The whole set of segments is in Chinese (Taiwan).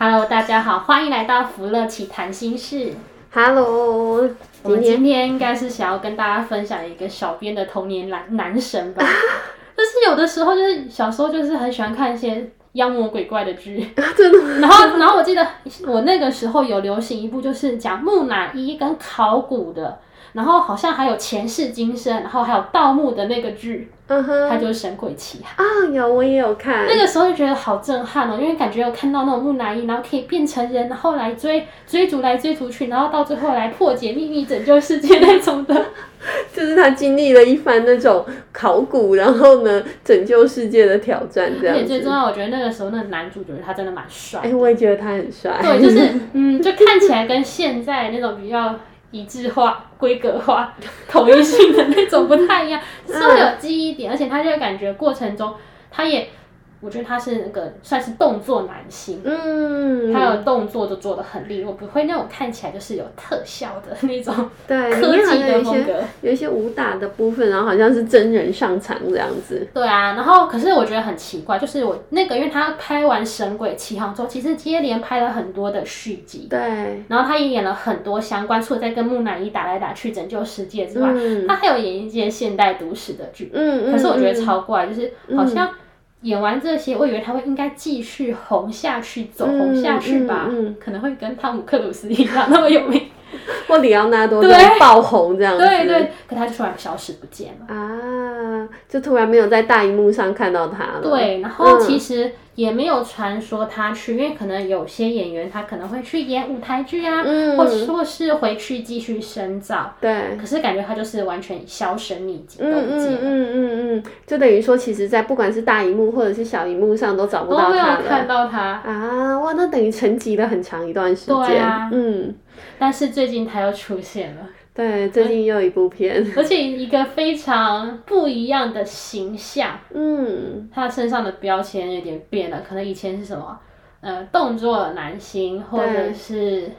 Hello，大家好，歡迎來到福樂奇談心室。Hello，我們今天應該是想要跟大家分享一個小編的童年男男神吧。就 是有的時候，就是小時候就是很喜歡看一些。妖魔鬼怪的劇，真的。然後，然後我記得我那個時候有流行一部，就是講木乃伊跟考古的，然後好像還有前世今生，然後還有盜墓的那個劇，嗯哼，他就是神鬼奇啊。Oh, 有，我也有看。那個時候就覺得好震撼哦、喔，因為感覺有看到那種木乃伊，然後可以變成人，然後來追追逐來追逐去，然後到最後來破解秘密，拯救世界那種的。 就是他經歷了一番那種考古，然後呢，拯救世界的挑戰這樣子。而且最重要，我覺得那個時候那個男主角他真的蠻帥的。哎，我也覺得他很帥。對，就是嗯，就看起來跟現在那種比較一致化， 規格化、統一性的那種不太一樣，稍微有記憶一點，嗯，而且他就感覺過程中他也。我覺得他是那個算是動作男星。嗯，他的動作都做的很利落，不會那種看起來就是有特效的那種，對，科技的風格有，有一些武打的部分，然後好像是真人上場這樣子。對啊，然後可是我覺得很奇怪，就是我那個，因為他拍完《神鬼奇航》之後，其實接連拍了很多的續集，對，然後他也演了很多相關，除了在跟木乃伊打來打去拯救世界之外，嗯、他還有演一些現代都市的劇，嗯嗯，可是我覺得超怪，嗯、就是好像。演完這些，我以為他會應該繼續紅下去走，走、嗯、紅下去吧、嗯，可能會跟湯姆克魯斯一樣 那麼有名，或李奧納多對，爆紅這樣子。對對，可他突然消失不見了啊！就突然沒有在大熒幕上看到他了。對，然後其實。嗯也沒有傳說他去，因為可能有些演員他可能會去演舞台劇啊，嗯、或者說是回去繼續深造。對，可是感覺他就是完全銷聲匿跡，嗯嗯嗯，嗯就等於說，其實，在不管是大熒幕或者是小熒幕上都找不到他了。都沒有看到他啊！哇，那等於沉寂了很長一段時間。對啊，嗯。但是最近他又出現了。對，最近又有一部片，嗯，而且一個非常不一樣的形象。嗯，他身上的標籤有點變了，可能以前是什麼，呃，動作的男星或者是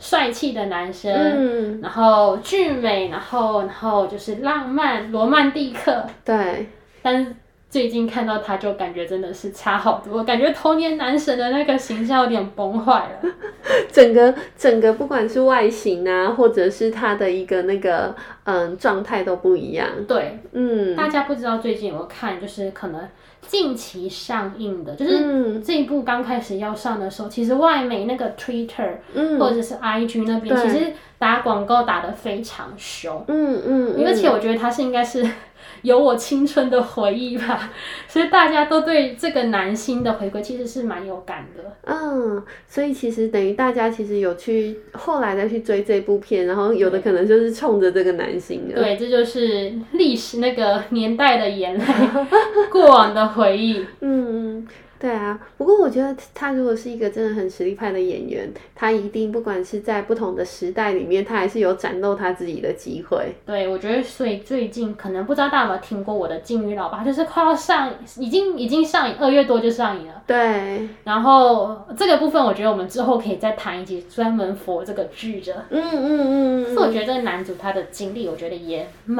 帥氣的男生，嗯，然後俊美，然後然後就是浪漫羅曼蒂克。對，但。最近看到他，就感覺真的是差好多，感覺童年男神的那個形象有點崩壞了。 整。整個整個，不管是外形啊，或者是他的一個那個嗯狀態都不一樣。對，嗯。大家不知道最近有沒有看，就是可能近期上映的，就是這一部剛開始要上的時候，嗯、其實外媒那個 Twitter，嗯，或者是 IG、嗯、那邊，其實。打廣告打得非常兇，嗯嗯，嗯，而且我覺得他是應該是有我青春的回憶吧，所以大家都對這個男星的回歸其實是蠻有感的。嗯，所以其實等於大家其實有去後來再去追這部片，然後有的可能就是衝着這個男星的。對，這就是歷史那個年代的眼淚，過往的回憶， 嗯。對啊，不過我覺得他如果是一個真的很實力派的演員，他一定不管是在不同的時代裡面，他還是有展露他自己的機會。對，我覺得所以最近可能不知道大家有沒有聽過我的《鯨魚老爸》，就是快要上，已經已經上映，二月多就上映了。對，然後這個部分我覺得我們之後可以再談一集專門佛這個劇的。嗯嗯嗯，因、嗯、我覺得這個男主他的經歷，我覺得也蠻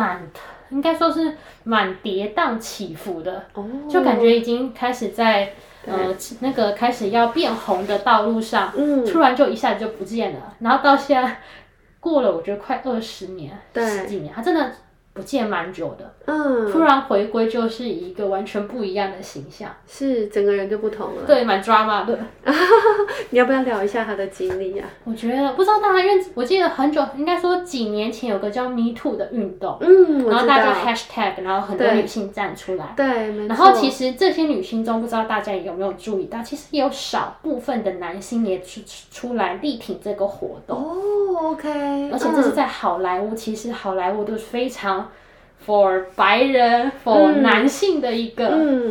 應該說是蠻跌宕起伏的，oh, 就感覺已經開始在呃那個開始要變紅的道路上，嗯，突然就一下子就不見了，然後到現在過了，我覺得快二十年，對，十幾年，他真的。不見蠻久的，嗯，突然回歸就是一個完全不一樣的形象，是整個人就不同了，對，蠻 drama 的。 你要不要聊一下他的經歷呀、啊？我覺得不知道大家，因為，我記得很久，應該說幾年前有個叫 Me Too 的運動，嗯，然後大家 hashtag，然後很多女性站出來，對，對，然後其實這些女性中，不知道大家有沒有注意到，其實有少部分的男性也出出來力挺這個活動。哦，OK，而且這是在好萊塢、嗯，其實好萊塢都是非常。for 白人，for、嗯、男性的一個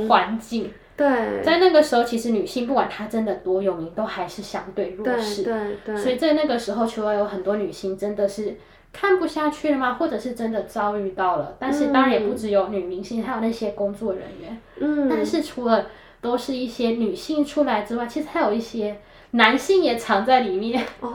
環境、嗯對，在那個時候，其實女性不管她真的多有名，都還是相對弱勢。對對,對。所以在那個時候，除了有很多女性真的是看不下去了嗎？或者是真的遭遇到了。但是當然也不只有女明星，嗯、還有那些工作人員。嗯。但是除了都是一些女性出來之外，其實還有一些。男性也藏在裡面哦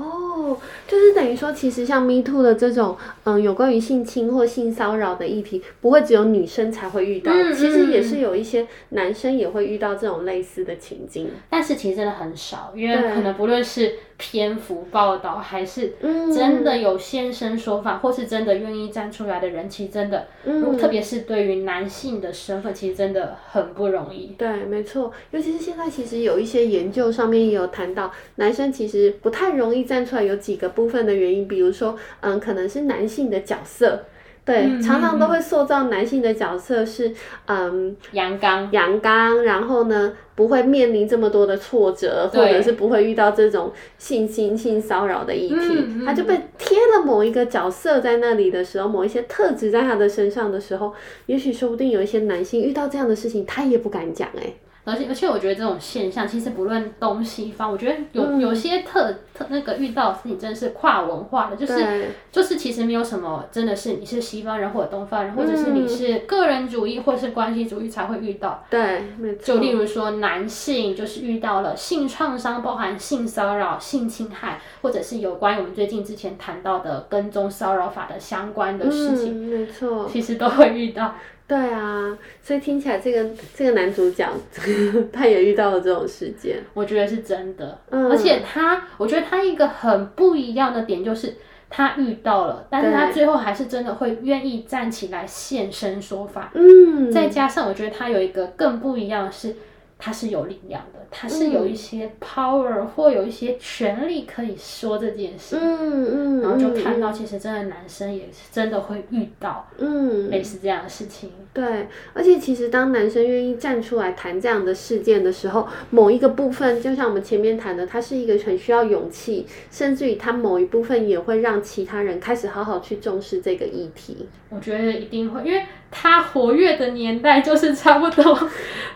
，oh, 就是等於說，其實像 Me Too 的這種，嗯，有關於性侵或性騷擾的議題，不會只有女生才會遇到，嗯，其實也是有一些男生也會遇到這種類似的情境，但是其實真的很少，因為可能不論是。篇幅報道還是真的有現身說法、嗯，或是真的願意站出來的人，其實真的，嗯、特別是對於男性的身份，其實真的很不容易。對，沒錯，尤其是現在，其實有一些研究上面也有談到，男生其實不太容易站出來，有幾個部分的原因，比如說，嗯，可能是男性的角色。對，嗯嗯嗯，常常都會塑造男性的角色是，嗯，陽剛，陽剛，然後呢，不會面臨這麼多的挫折，或者是不會遇到這種性侵、性騷擾的議題。嗯嗯嗯，他就被貼了某一個角色在那裡的時候，某一些特質在他的身上的時候，也許說不定有一些男性遇到這樣的事情，他也不敢講誒、欸。而且而且，而且我覺得這種現象其實不論東西方，我覺得有、嗯、有些特特那個遇到事情真的是跨文化的，就是就是其實沒有什麼真的是你是西方人或者東方人，嗯、或者是你是個人主義或是關係主義才會遇到。對沒錯，就例如說男性就是遇到了性創傷，包含性騷擾、性侵害，或者是有關於我們最近之前談到的跟蹤騷擾法的相關的事情，嗯、沒錯，其實都會遇到。對啊，所以聽起來這個這個男主角，呵呵，他也遇到了這種事件，我覺得是真的。嗯，而且他，我覺得他一個很不一樣的點就是，他遇到了，但是他最後還是真的會願意站起來現身說法。嗯，再加上我覺得他有一個更不一樣的是。他是有力量的，他是有一些 power，嗯，或有一些權力可以說這件事。嗯嗯，然後就看到，其實真的男生也是真的會遇到嗯類似這樣的事情、嗯。對，而且其實當男生願意站出來談這樣的事件的時候，某一個部分，就像我們前面談的，他是一個很需要勇氣，甚至於他某一部分也會讓其他人開始好好去重視這個議題。我覺得一定會，因為。他活躍的年代就是差不多，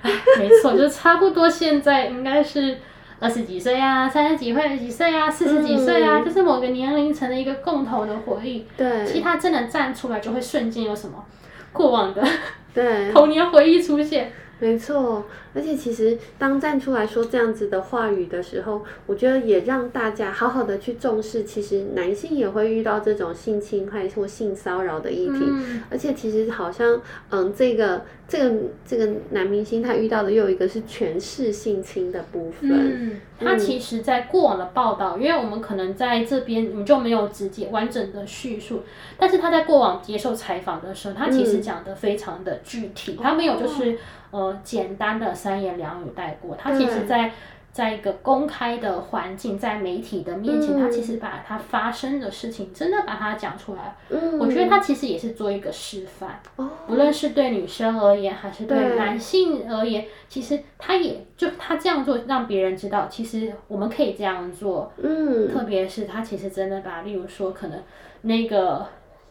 哎，沒錯，就差不多。現在應該是二十幾歲啊，三十幾歲幾歲啊，四十幾歲啊、嗯，就是某個年齡層的一個共同的回憶。對，其實他真的站出來，就會瞬間有什麼過往的，對，童年回憶出現。沒錯，而且其實當站出來說這樣子的話語的時候，我覺得也讓大家好好的去重視，其實男性也會遇到這種性侵害或性騷擾的議題，嗯，而且其實好像嗯這個。這個這個男明星他遇到的又一個是權勢性侵的部分。嗯嗯、他其實，在過往的報道，因為我們可能在這邊，我們就沒有直接完整的敘述。但是他在過往接受採訪的時候，他其實講的非常的具體，嗯、他沒有就是、哦、呃簡單的三言兩語帶過。他其實，在。嗯在一個公開的環境，在媒體的面前、嗯，他其實把他發生的事情，真的把他講出來、嗯。我覺得他其實也是做一個示範，無、哦、論是對女生而言，還是對男性而言，其實他也就他這樣做，讓別人知道，其實我們可以這樣做。嗯，特別是他其實真的把，例如說可能那個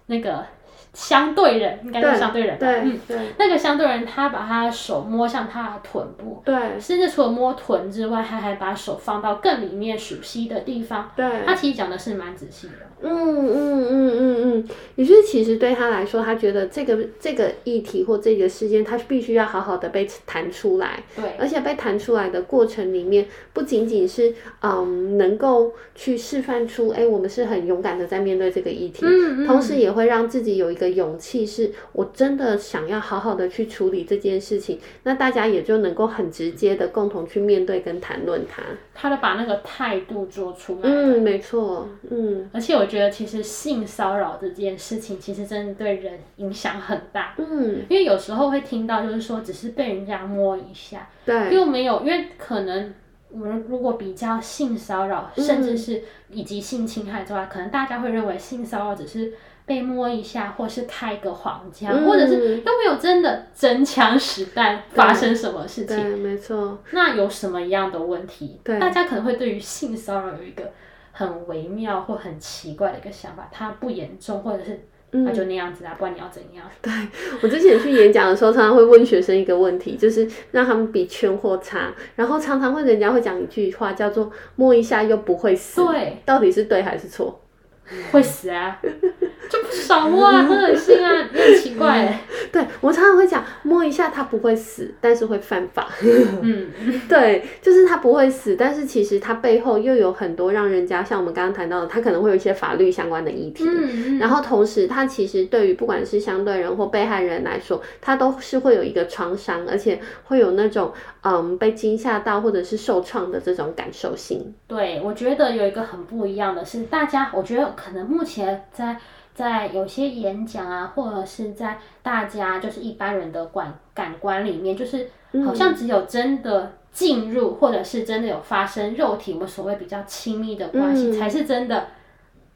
那個。相對人應該是相對人吧，嗯，對，對，嗯，那個相對人，他把他手摸向他的臀部，對，甚至除了摸臀之外，他還把手放到更裡面熟悉的地方，對，他其實講的是蠻仔細的，嗯嗯嗯嗯嗯，也、嗯、就、嗯、是，是其實對他來說，他覺得這個這個議題或這個事件，他必須要好好的被談出來，對，而且被談出來的過程裡面，不僅僅是嗯能夠去示範出，哎、欸，我們是很勇敢的在面對這個議題，嗯嗯，同時也會讓自己有。一。的勇氣，是我真的想要好好的去處理這件事情，那大家也就能夠很直接的共同去面對跟談論它，他的把那個態度做出來。嗯，沒錯。嗯，而且我覺得其實性騷擾這件事情其實真的對人影響很大。嗯，因為有時候會聽到就是說只是被人家摸一下，對，又沒有，因為可能我們如果比較性騷擾，甚至是以及性侵害之外，嗯，可能大家會認為性騷擾只是。被摸一下，或是開個黃腔、嗯，或者是都沒有真的真槍實彈發生什麼事情？嗯、對，沒錯。那有什麼樣的問題？對，大家可能會對於性騷擾有一個很微妙或很奇怪的一個想法，它不嚴重，或者是嗯，它就那樣子啊、嗯，不管你要怎樣。對，我之前去演講的時候， 常常會問學生一個問題，就是讓他們比圈或叉。然後常常問人家會講一句話叫做“摸一下又不會死”，對，到底是對還是錯？會死啊。 就不少摸啊，很噁心啊，也 很奇怪。對，我常常會講，摸一下他不會死，但是會犯法。 嗯，對，就是他不會死，但是其實他背後又有很多讓人家像我們剛剛談到的，他可能會有一些法律相關的議題。嗯嗯。然後同時，他其實對於不管是相對人或被害人來說，他都是會有一個創傷，而且會有那種嗯被驚嚇到或者是受創的這種感受性。對，我覺得有一個很不一樣的是，大家我覺得可能目前在。在有些演講啊，或者是在大家就是一般人的感感官裡面，就是好像只有真的進入，嗯，或者是真的有發生肉體我們所謂比較親密的關係，嗯，才是真的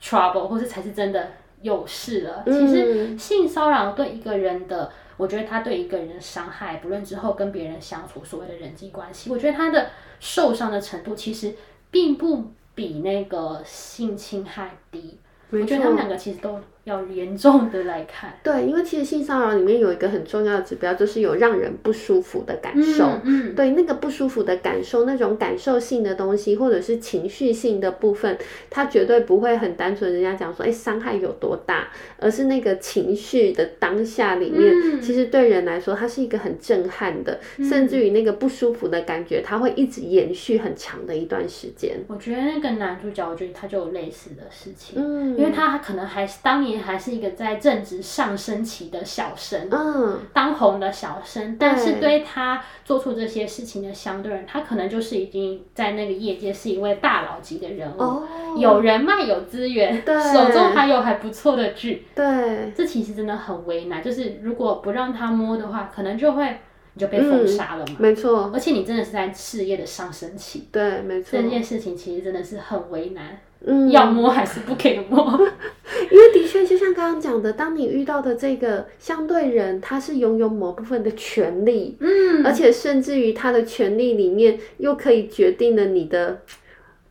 trouble，或者才是真的有事了。嗯，其實性騷擾對一個人的，我覺得他對一個人的傷害，不論之後跟別人相處所謂的人際關係，我覺得他的受傷的程度其實並不比那個性侵害低。我覺得他們兩個其實都。要嚴重的來看，對，因為其實性騷擾裡面有一個很重要的指標，就是有讓人不舒服的感受嗯。嗯，對，那個不舒服的感受，那種感受性的東西，或者是情緒性的部分，它絕對不會很單純。人家講說，哎、欸，傷害有多大，而是那個情緒的當下裡面，嗯，其實對人來說，它是一個很震撼的，甚至於那個不舒服的感覺，它會一直延續很長的一段時間。我覺得那個男主角，我覺得他就有類似的事情，嗯，因為他可能還是當年，還是一個在正值上升期的小生，嗯，當紅的小生，但是對他做出這些事情的相對人，他可能就是已經在那個業界是一位大佬級的人物，哦，有人脈有資源，對，手中還有還不錯的劇，對，這其實真的很為難，就是如果不讓他摸的話，可能就會你就被封殺了嘛，嗯，沒錯，而且你真的是在事業的上升期，對，沒錯，這件事情其實真的是很為難。嗯、要摸還是不可以摸？ 因為的確，就像剛剛講的，當你遇到的這個相對人，他是擁有某部分的權利，嗯，而且甚至於他的權利裡面又可以決定了你的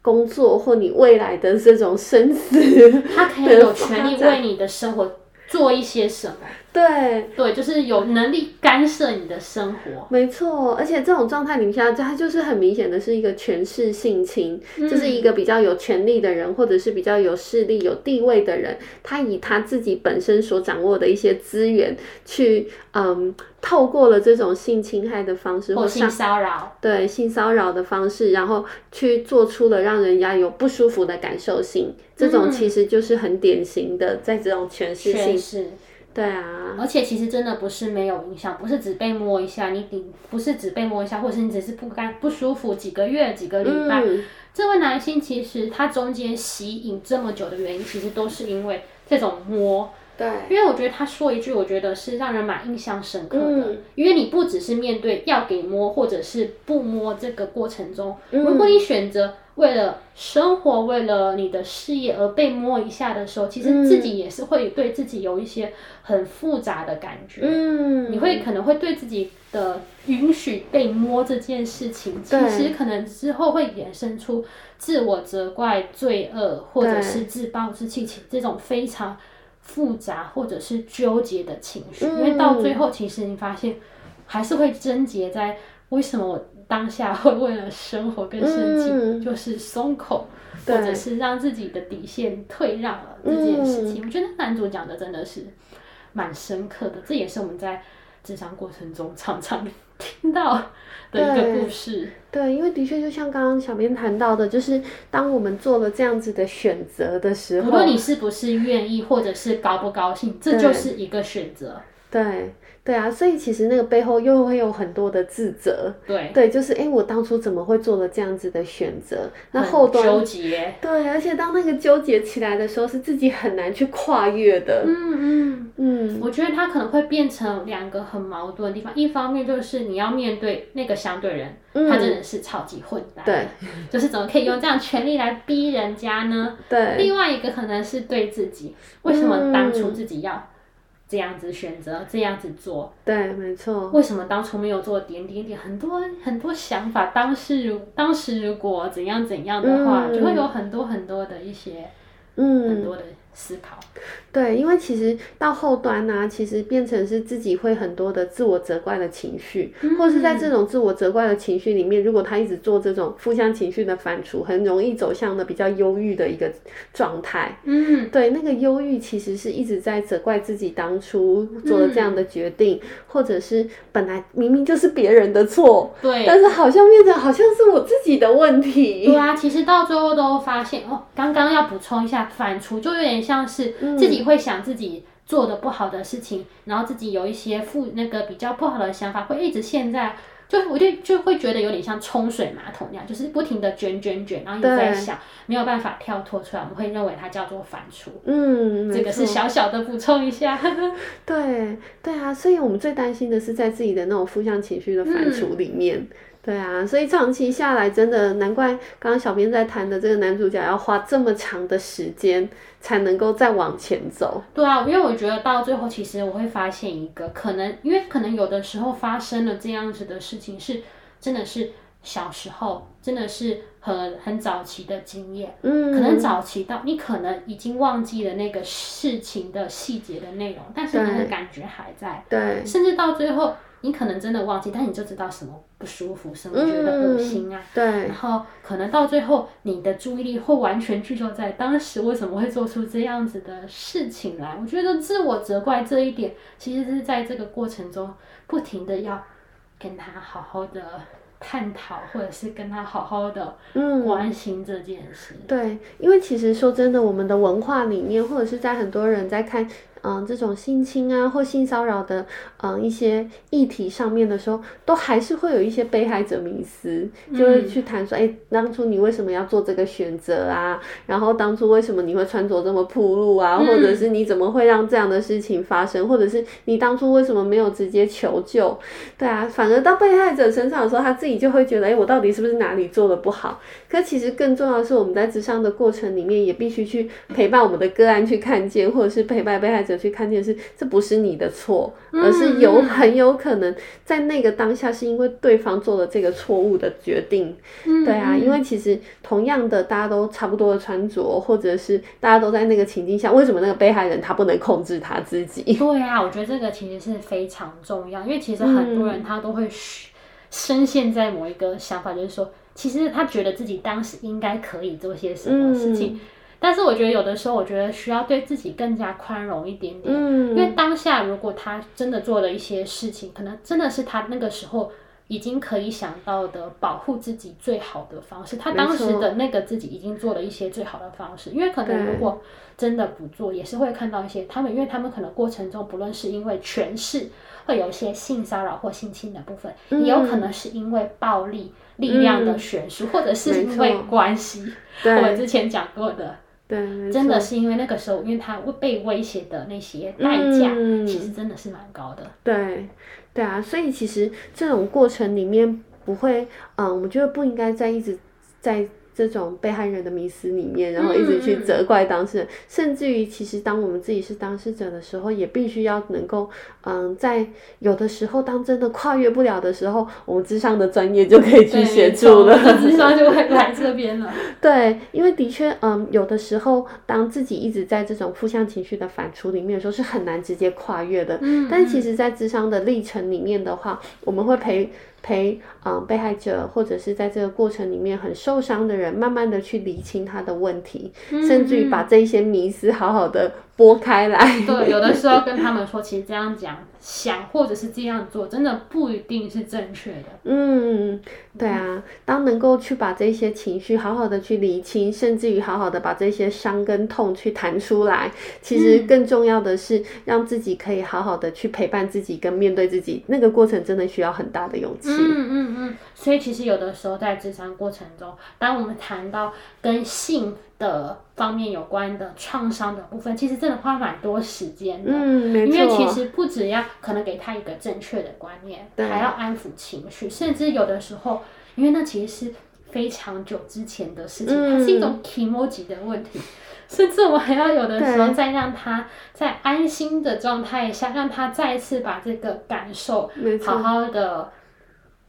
工作或你未來的這種生死，他可以有權利為你的生活做一些什麼。 對對，就是有能力干涉你的生活。沒錯，而且這種狀態你們底下，他就是很明顯的是一個權勢性侵、嗯，就是一個比較有權力的人，或者是比較有勢力、有地位的人，他以他自己本身所掌握的一些資源去，嗯，透過了這種性侵害的方式或、哦、性騷擾，對性騷擾的方式，然後去做出了讓人家有不舒服的感受性，嗯、這種其實就是很典型的，在這種權勢性。對啊，而且其實真的不是沒有影響，不是只被摸一下，你頂不是只被摸一下，或者是你只是不甘不舒服幾個月幾個禮拜、嗯。這位男性其實他中間吸引這麼久的原因，其實都是因為這種摸。對，因為我覺得他說一句，我覺得是讓人蠻印象深刻的。嗯、因為你不只是面對要給摸或者是不摸這個過程中，嗯、如果你選擇。為了生活，為了你的事業而被摸一下的時候，其實自己也是會對自己有一些很複雜的感覺。嗯，你會可能會對自己的允許被摸這件事情，嗯、其實可能之後會衍生出自我責怪、罪惡，或者是自暴自棄這種非常複雜或者是糾結的情緒。嗯、因為到最後，其實你發現還是會糾結在為什麼我。當下會為了生活跟生計、嗯，就是鬆口，或者是讓自己的底線退讓了、啊、這件事情、嗯。我覺得男主講的真的是蠻深刻的，這也是我們在諮商過程中常常聽到的一個故事。對，對因為的確就像剛剛小編談到的，就是當我們做了這樣子的選擇的時候，無論你是不是願意，或者是高不高興，這就是一個選擇。對。對對啊，所以其實那個背後又會有很多的自責。對對，就是哎、欸，我當初怎麼會做了這樣子的選擇？那後端糾結。對，而且當那個糾結起來的時候，是自己很難去跨越的。嗯嗯嗯。我覺得它可能會變成兩個很矛盾的地方。一方面就是你要面對那個相對人，嗯、他真的是超級混蛋。對。就是怎麼可以用這樣權力來逼人家呢？對。另外一個可能是對自己，為什麼當初自己要、嗯？這樣子選擇，這樣子做，對，沒錯。為什麼當初沒有做點點點？很多很多想法，當時當時如果怎樣怎樣的話、嗯，就會有很多很多的一些，嗯，很多的。思考，對，因為其實到後端呢、啊，其實變成是自己會很多的自我責怪的情緒，嗯嗯，或是在這種自我責怪的情緒裡面，如果他一直做這種負向情緒的反芻，很容易走向的比較憂鬱的一個狀態。嗯，對，那個憂鬱其實是一直在責怪自己當初做了這樣的決定，嗯、或者是本來明明就是別人的錯，對，但是好像變成好像是我自己的問題。對啊，其實到最後都發現，哦，剛剛要補充一下反，反芻就有點。像是自己會想自己做的不好的事情，嗯、然後自己有一些負那個比較不好的想法，會一直陷在，就我就就會覺得有點像沖水馬桶那樣，就是不停的捲捲捲，然後又在想，沒有辦法跳脫出來。我們會認為它叫做反芻，嗯，這個是小小的補充一下。 對對啊，所以我們最擔心的是在自己的那種負向情緒的反芻、嗯、裡面。對啊，所以長期下來，真的難怪剛剛小編在談的這個男主角要花這麼長的時間才能夠再往前走。對啊，因為我覺得到最後，其實我會發現一個可能，因為可能有的時候發生了這樣子的事情，是真的是小時候真的是很很早期的經驗，嗯，可能早期到你可能已經忘記了那個事情的細節的內容，但是你的感覺還在，對，對。甚至到最後。你可能真的忘記，但你就知道什麼不舒服，什麼覺得噁心啊。嗯、對。然後可能到最後，你的注意力會完全聚焦在當時為什麼會做出這樣子的事情來。我覺得自我責怪這一點，其實是在這個過程中不停地要跟他好好的探討，或者是跟他好好的關心這件事。嗯、對，因為其實說真的，我們的文化裡面，或者是在很多人在看。嗯，這種性侵啊或性騷擾的，嗯一些議題上面的時候，都還是會有一些被害者迷思，就是去談說，哎、嗯欸，當初你為什麼要做這個選擇啊？然後當初為什麼你會穿着這麼暴露啊？或者是你怎麼會讓這樣的事情發生、嗯？或者是你當初為什麼沒有直接求救？對啊，反而到被害者身上的時候，他自己就會覺得，哎、欸，我到底是不是哪裡做的不好？可其實更重要的是，我們在諮商的過程裡面，也必須去陪伴我們的個案去看見，或者是陪伴被害者。去看電視，這不是你的錯，嗯、而是有很有可能在那個當下是因為對方做了這個錯誤的決定、嗯。對啊，因為其實同樣的大家都差不多的穿着，或者是大家都在那個情境下，為什麼那個被害人他不能控制他自己？對啊，我覺得這個情節是非常重要，因為其實很多人他都會、嗯、深陷在某一個想法，就是說其實他覺得自己當時應該可以做些什麼事情。嗯但是我覺得有的時候，我覺得需要對自己更加寬容一點點、嗯。因為當下如果他真的做了一些事情、嗯，可能真的是他那個時候已經可以想到的保護自己最好的方式。他當時的那個自己已經做了一些最好的方式。因為可能如果真的不做，也是會看到一些他們，因為他們可能過程中，不論是因為權勢，會有一些性騷擾或性侵的部分、嗯，也有可能是因為暴力力量的懸殊、嗯，或者是因為關係。我們之前講過的。對，真的是因為那個時候，嗯、因為他會被威脅的那些代價，其實真的是蠻高的。對，對啊，所以其實這種過程裡面不會，嗯，我覺得不應該再一直在。這種被害人的迷思裡面，然後一直去責怪當事人，嗯嗯嗯甚至於，其實當我們自己是當事者的時候，也必須要能夠，嗯，在有的時候當真的跨越不了的時候，我們諮商的專業就可以去協助了，諮商就會來這邊了。 對，因為的確，嗯，有的時候當自己一直在這種負向情緒的反芻裡面的時候，是很難直接跨越的。嗯嗯，但其實，在諮商的歷程裡面的話，我們會陪。陪啊、嗯，被害者或者是在這個過程裡面很受傷的人，慢慢的去理清他的問題，嗯嗯嗯甚至於把這一些迷思好好的撥開來。對， 有的時候跟他們說，其實這樣講、想或者是這樣做，真的不一定是正確的。嗯。對啊，當能夠去把這些情緒好好的去理清，甚至於好好的把這些傷跟痛去談出來，其實更重要的是讓自己可以好好的去陪伴自己跟面對自己，那個過程真的需要很大的勇氣。嗯嗯嗯，所以其實有的時候在諮商過程中，當我們談到跟性的方面有關的創傷的部分，其實真的花蠻多時間的。嗯，沒錯。因為其實不只要可能給他一個正確的觀念，還要安撫情緒，甚至有的時候。因為那其實是非常久之前的事情，嗯、它是一種 kimochi 的問題，甚至我還要有的時候再讓他在安心的狀態下，讓他再一次把這個感受好好的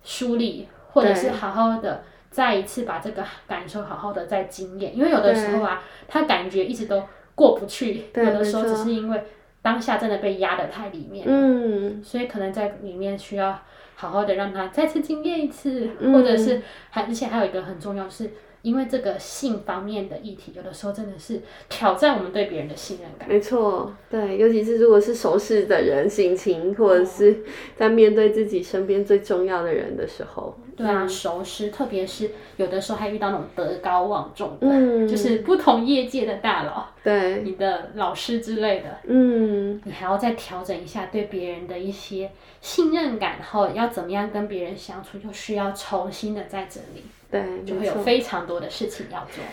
梳理，或者是好好的再一次把這個感受好好的再經驗。因為有的時候啊，他感覺一直都過不去，有的時候只是因為當下真的被壓得太裡面了，嗯，所以可能在裡面需要。好好的讓他再次驚豔一次，或者是還，而且還有一個很重要是。因為這個性方面的議題，有的時候真的是挑戰我們對別人的信任感。沒錯，對，尤其是如果是熟識的人、親戚或者是在面對自己身邊最重要的人的時候、哦。對啊，熟識，特別是有的時候還遇到那種德高望重的、嗯，就是不同業界的大佬，對，你的老師之類的，嗯，你還要再調整一下對別人的一些信任感，然後要怎麼樣跟別人相處，就需要重新的再整理。對，就會有非常多的事情要做。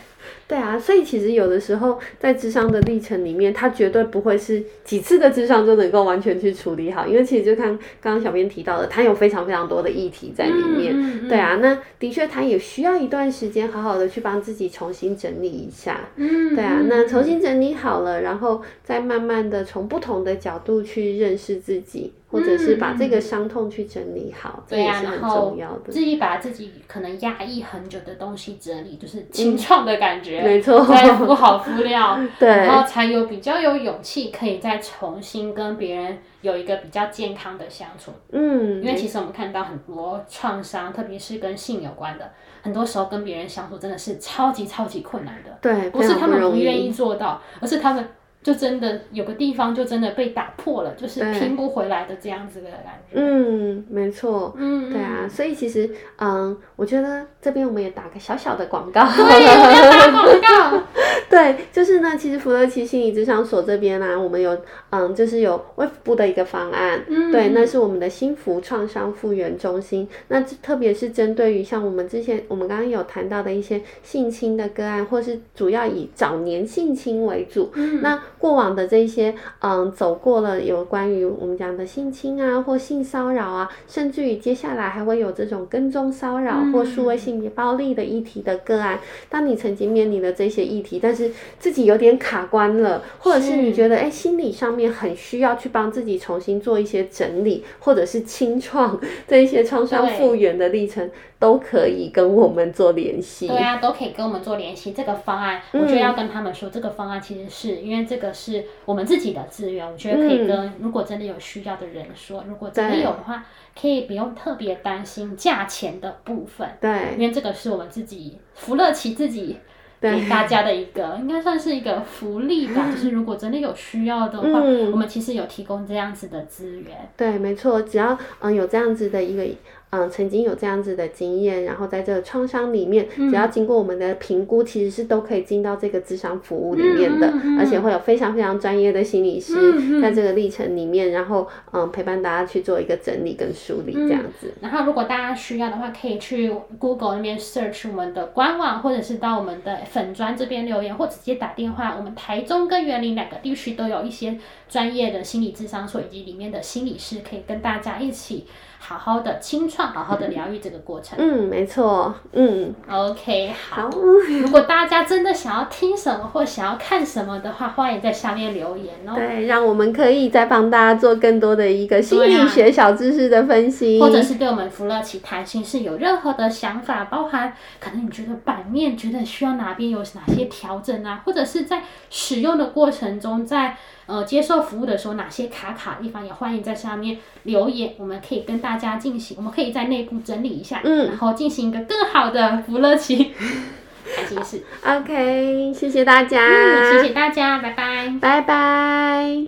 對啊，所以其實有的時候在諮商的歷程裡面，他絕對不會是幾次的諮商就能夠完全去處理好，因為其實就看剛剛小編提到的，他有非常非常多的議題在裡面。嗯嗯嗯、對啊，那的確他也需要一段時間，好好的去幫自己重新整理一下。嗯，對啊、嗯，那重新整理好了，然後再慢慢的從不同的角度去認識自己。或者是把這個傷痛去整理好，嗯、這也是很重要的對呀、啊，然後自己把自己可能壓抑很久的東西整理，嗯、就是清創的感覺，沒錯，再敷好敷料，對，然後才有比較有勇氣，可以再重新跟別人有一個比較健康的相處。嗯，因為其實我們看到很多創傷、嗯，特別是跟性有關的，很多時候跟別人相處真的是超級超級困難的。對，不，不是他們不願意做到，而是他們。就真的有個地方就真的被打破了，就是拼不回來的這樣子的感覺。嗯，沒錯。嗯，嗯，對啊，所以其實，嗯，我覺得這邊我們也打個小小的廣告。對，不要打廣告。 對，就是呢，其實福樂奇心理諮商所這邊呢、啊，我們有，嗯，就是有外部的一個方案。嗯。對，那是我們的心服創傷復原中心。那特別是針對於像我們之前我們剛剛有談到的一些性侵的個案，或是主要以早年性侵為主。嗯。那過往的這些，嗯，走過了有關於我們講的性侵啊，或性騷擾啊，甚至於接下來還會有這種跟蹤騷擾、嗯、或數位性別暴力的議題的個案。當你曾經面臨的這些議題，但是自己有點卡關了，或者是你覺得哎，心理上面很需要去幫自己重新做一些整理，或者是清創這一些創傷復原的歷程。都可以跟我們做聯繫。對呀、啊，都可以跟我們做聯繫。這個方案、嗯，我覺得要跟他們說，這個方案其實是因為這個是我們自己的資源，我覺得可以跟如果真的有需要的人說，嗯、如果真的有的話，可以不用特別擔心價錢的部分。對，因為這個是我們自己福樂奇自己對給大家的一個，應該算是一個福利吧、嗯。就是如果真的有需要的話，嗯、我們其實有提供這樣子的資源。對，沒錯，只要嗯有這樣子的一個。嗯，曾經有這樣子的經驗，然後在這個創傷裡面，只要經過我們的評估，嗯、其實是都可以進到這個諮商服務裡面的，嗯嗯嗯、而且會有非常非常專業的心理師、嗯嗯、在這個歷程裡面，然後嗯陪伴大家去做一個整理跟梳理這樣子、嗯。然後如果大家需要的話，可以去 Google 那邊 search 我們的官網，或者是到我們的粉專這邊留言，或直接打電話。我們台中跟員林兩個地區都有一些專業的心理諮商所，以及裡面的心理師，可以跟大家一起。好好的清創，好好的療癒這個過程。嗯，沒錯。嗯，OK，好，好嗯。如果大家真的想要聽什麼或想要看什麼的話，歡迎在下面留言哦、喔。對，讓我們可以再幫大家做更多的一個心理學小知識的分析，啊、或者是對我們福樂奇談心事有任何的想法，包含可能你覺得版面覺得需要哪邊有哪些調整啊，或者是在使用的過程中在。呃，接受服務的時候，哪些卡卡的地方，也歡迎在下面留言，我們可以跟大家進行，我們可以在內部整理一下，嗯，然後進行一個更好的服務期，開心事。OK，謝謝大家、嗯，謝謝大家，拜拜，拜拜。